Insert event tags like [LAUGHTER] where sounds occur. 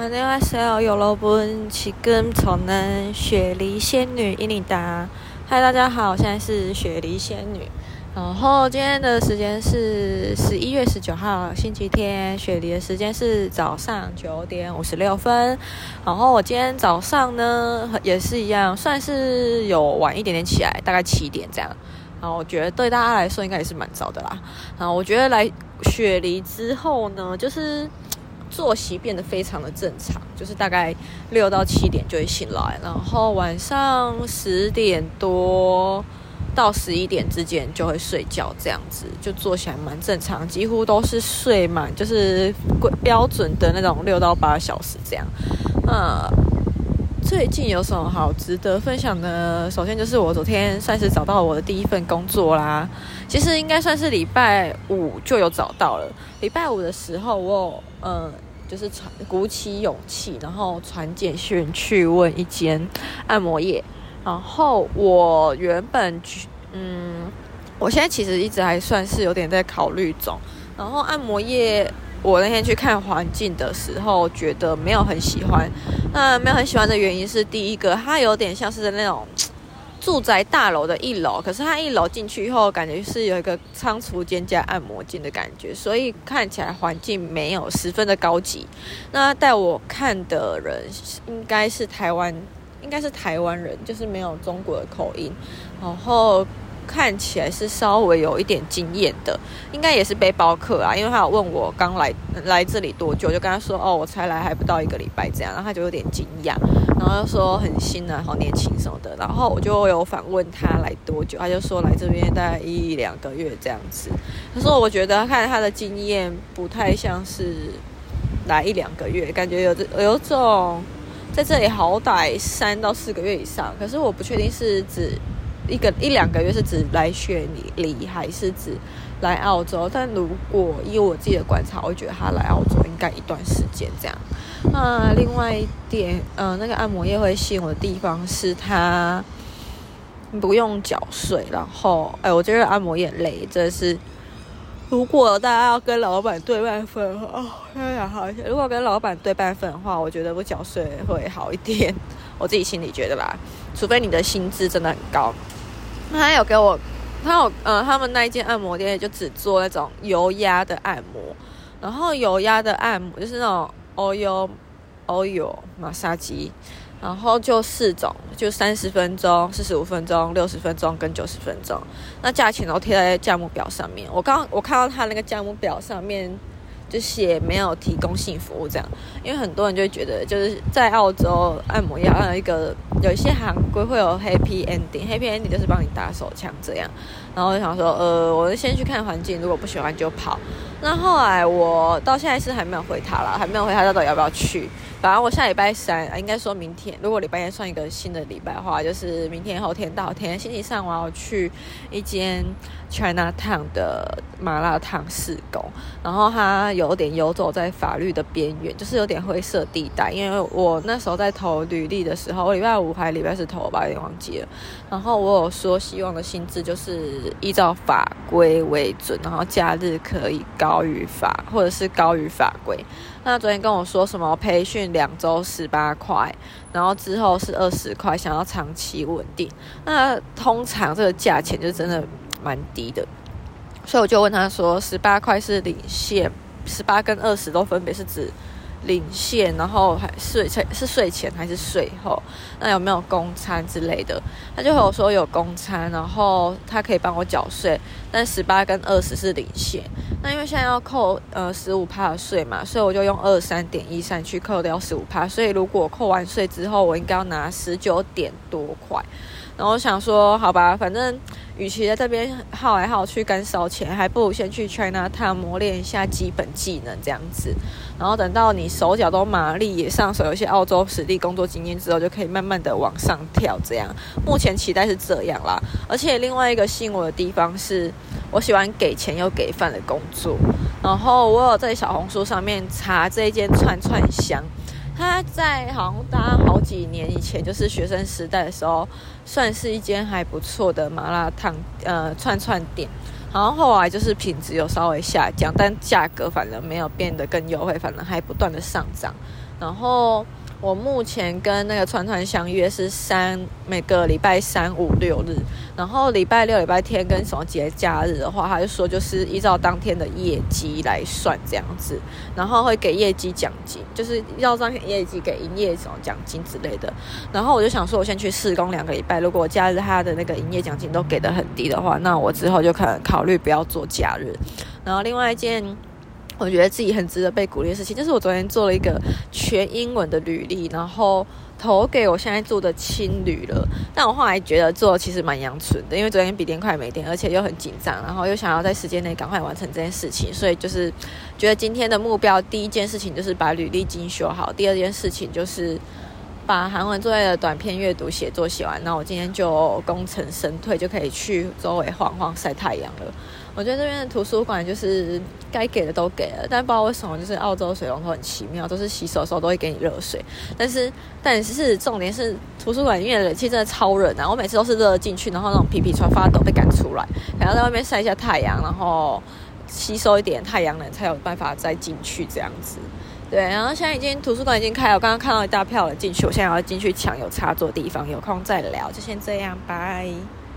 Morning, Australia 齊跟從呢，雪梨仙女伊妮達。Hi，大家好，我現在是雪梨仙女。然後今天的時間是十一月十九號星期天，雪梨的時間是早上九點五十六分。然後我今天早上呢，也是一樣，算是有晚一點點起來，大概七點這樣。然後我覺得對大家來說應該也是蠻早的啦。然後我覺得來雪梨之後呢，就是。作息變得非常的正常，就是大概六到七點就會醒來，然後晚上十點多到十一點之間就會睡覺，這樣子就坐起來蠻正常，幾乎都是睡滿，就是規標準的那種六到八小時這樣，嗯。最近有什麼好值得分享的？首先就是我昨天算是找到我的第一份工作啦。其實應該算是禮拜五就有找到了。禮拜五的時候我有，我、嗯、呃，就是鼓起勇氣，然後傳簡訊去問一間按摩業。然後我原本，嗯，我現在其實一直還算是有點在考慮中。然後按摩業。我那天去看環境的時候，覺得沒有很喜歡。那沒有很喜歡的原因是，第一個，它有點像是那種住宅大樓的一樓，可是它一樓進去以後，感覺是有一個倉儲間加按摩鏡的感覺，所以看起來環境沒有十分的高級。那帶我看的人應該是台灣，應該是台灣人，就是沒有中國的口音，然後。看起來是稍微有一點經驗的，應該也是背包客啊，因為他有問我剛來來這裡多久，就跟他說哦，我才來還不到一個禮拜這樣，然後他就有點驚訝，然後就說很新啊，好年輕什麼的，然後我就有反問他來多久，他就說來這邊大概一兩個月這樣子，可是我覺得看他的經驗不太像是來一兩個月，感覺有這有種在這裡好歹三到四個月以上，可是我不確定是指。一個一兩個月是指來雪梨還是指來澳洲？但如果以我自己的觀察，我覺得他來澳洲應該一段時間這樣。啊，另外一點，呃，那個按摩業會吸引我的地方是他不用繳稅。然後，哎、欸，我覺得按摩業累，真的是。如果大家要跟老闆對半分的話，哦，哎呀，好，如果跟老闆對半分的話，我覺得我繳稅會好一點。我自己心裡覺得吧，除非你的薪資真的很高。他有給我，他有，嗯、呃，他們那一間按摩店就只做那種油壓的按摩，然後油壓的按摩就是那種 oil oil 馬殺雞，然後就四種，就三十分鐘、四十五分鐘、六十分鐘跟九十分鐘，那價錢都貼在價目表上面。我剛我看到他那個價目表上面。就寫沒有提供性服務這樣，因為很多人就會覺得就是在澳洲按摩要按一個，有一些行規會有 happy ending [MUSIC] happy ending 就是幫你打手槍這樣，然後我想說呃，我就先去看環境，如果不喜歡就跑。那後來我到現在是還沒有回他了，還沒有回他到底要不要去。反正我下禮拜三，啊、應該說明天。如果禮拜天算一個新的禮拜的話，就是明天、後天到後天。星期三我要去一間 China Town 的麻辣燙試工，然後它有點遊走在法律的邊緣，就是有點灰色地帶。因為我那時候在投履歷的時候，我禮拜五還是禮拜四投我吧，我有點忘記了。然後我有說希望的薪資就是依照法規為準，然後假日可以高於法，或者是高於法規。那他昨天跟我說什麼我培訓兩周十八塊，然後之後是二十塊，想要長期穩定。那通常這個價錢就真的蠻低的，所以我就問他說，十八塊是底限，十八跟二十都分別是指。領現，然後還稅，是是稅前還是稅後？那有沒有供餐之類的？他就和我說有供餐，然後他可以幫我繳稅，但十八跟二十是領現。那因為現在要扣呃十五趴的稅嘛，所以我就用二三點一三去扣掉十五趴。所以如果扣完稅之後，我應該要拿十九點多塊。然後我想說，好吧，反正與其在這邊耗來耗去乾燒錢，還不如先去 China Town 磨練一下基本技能這樣子。然後等到你手腳都麻利，也上手有一些澳洲實地工作經驗之後，就可以慢慢的往上跳。這樣目前期待是這樣啦。而且另外一個吸引我的地方是，我喜歡給錢又給飯的工作。然後我有在小紅書上面查這一間串串香。他在好像大概好幾年以前，就是學生時代的時候，算是一間還不錯的麻辣燙，呃，串串店。然後後來就是品質有稍微下降，但價格反而沒有變得更優惠，反而還不斷的上漲。然後。我目前跟那個川川相約是三，每個禮拜三五六日，然後禮拜六、禮拜天跟什麼節假日的話，他就說就是依照當天的業績來算這樣子，然後會給業績獎金，就是要當天業績給營業什麼獎金之類的。然後我就想說，我先去試工兩個禮拜，如果我假日他的那個營業獎金都給得很低的話，那我之後就可能考慮不要做假日。然後另外一件。我覺得自己很值得被鼓勵的事情，就是我昨天做了一個全英文的履歷，然後投給我現在做的青旅了。但我後來覺得做其實蠻陽春的，因為昨天筆電快沒電，而且又很緊張，然後又想要在時間內趕快完成這件事情，所以就是覺得今天的目標，第一件事情就是把履歷精修好，第二件事情就是把韓文作業的短篇閱讀寫作寫完。那我今天就功成身退，就可以去周圍晃晃曬太陽了。我覺得這邊的圖書館就是該給的都給了，但不知道為什麼，就是澳洲水龍頭很奇妙，都是洗手的時候都會給你熱水。但是，但是重點是圖書館裡面的冷氣真的超冷啊！我每次都是熱了進去，然後那種皮皮喘發抖被趕出來，然後在外面曬一下太陽，然後吸收一點太陽能才有辦法再進去這樣子。對，然後現在已經圖書館已經開了，我剛剛看到一大票人進去，我現在要進去搶有插座的地方，有空再聊，就先這樣，拜。